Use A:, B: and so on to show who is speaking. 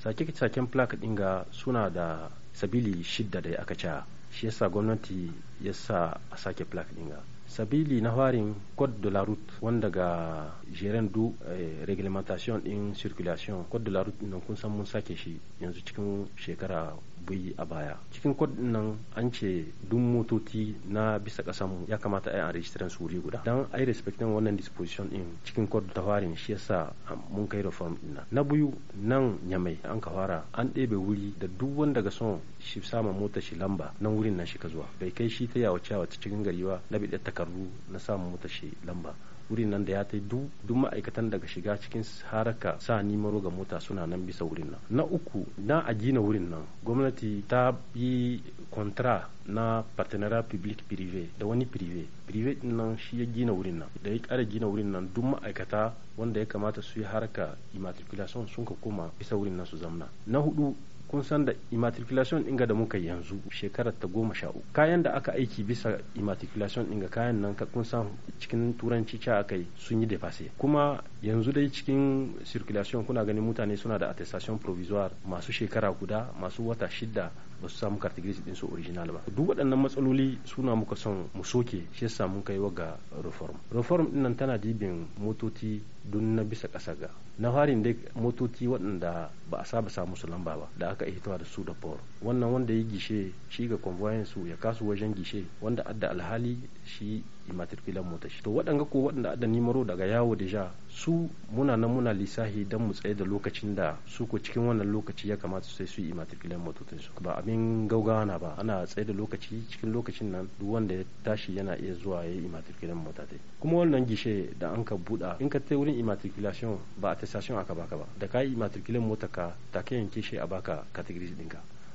A: sake-saken plaque ɗin suna da sabili shidda da aka ca shi yasa gwamnati ya sa a sake plaka ɗin sabili na farin code de la route wanda ga jeren du eh, reglementation din circulation code de la route kun san mun sake shi yanzu cikin shekara bai a baya cikin kod nan an ce duk motoci na bisa kasanmu ya kamata a yi anrejistiran su wuri guda dan ai respectin wannan disposition in cikin kod ta farin shi yasa mun kai reform din na biyu nan nyamai an ka fara an ɗebe wuri da duk wanda ga son shi samun mota shi lamba nan wurin nan shi ka zuwa bai kai shi ta yawace yawace cikin gari ba na biɗe takardu na samun mota shi lamba wurin nan da ya ta duk ma'aikatan daga shiga cikin haraka sa nimaro ga mota suna nan bisa wurin nan na uku na a gina wurin nan gwamnati gwamnati ta yi kontra na partenariat public pirive da wani prive prive nan shi ya gina wurin nan da ya kara gina wurin nan duk ma'aikata wanda ya kamata su yi harka immatriculation sun ka koma isa wurin nan su zamna na hudu kun san da immatriculation ɗin da muka yanzu shekarar ta goma sha uku kayan da aka aiki bisa immatriculation ɗin kayan nan kun san cikin turanci ca aka yi sun yi defase kuma yanzu dai cikin circulation kuna ganin mutane suna da attestation provisoire masu shekara guda masu wata shida ba su samu cartography din su original ba duk waɗannan matsaloli suna muka son mu soke shi yasa mun kai ga reform reform din nan tana dibin motoci dun na bisa ƙasa ga na farin dai motoci waɗanda ba a saba samu su lamba ba da aka hitowa da su da por wannan wanda ya gishe shi ga convoyin su ya kasu wajen gishe wanda adda alhali shi imatrikulan mota shi to waɗanga ko waɗanda adda nimaro daga yawo da ja su muna nan muna lissahi don mu tsaye da lokacin da su ko cikin wannan lokaci ya kamata sai su yi mota tun su ba abin gaugawa na ba ana tsaye da lokaci cikin lokacin nan duk wanda ya tashi yana iya zuwa ya yi imatrikulan mota dai kuma wannan gishe da an ka buɗa in ka tai wurin imatrikulation ba a tasashen aka baka ba da ka yi mota ka ta yanke shi a baka kategorisindinka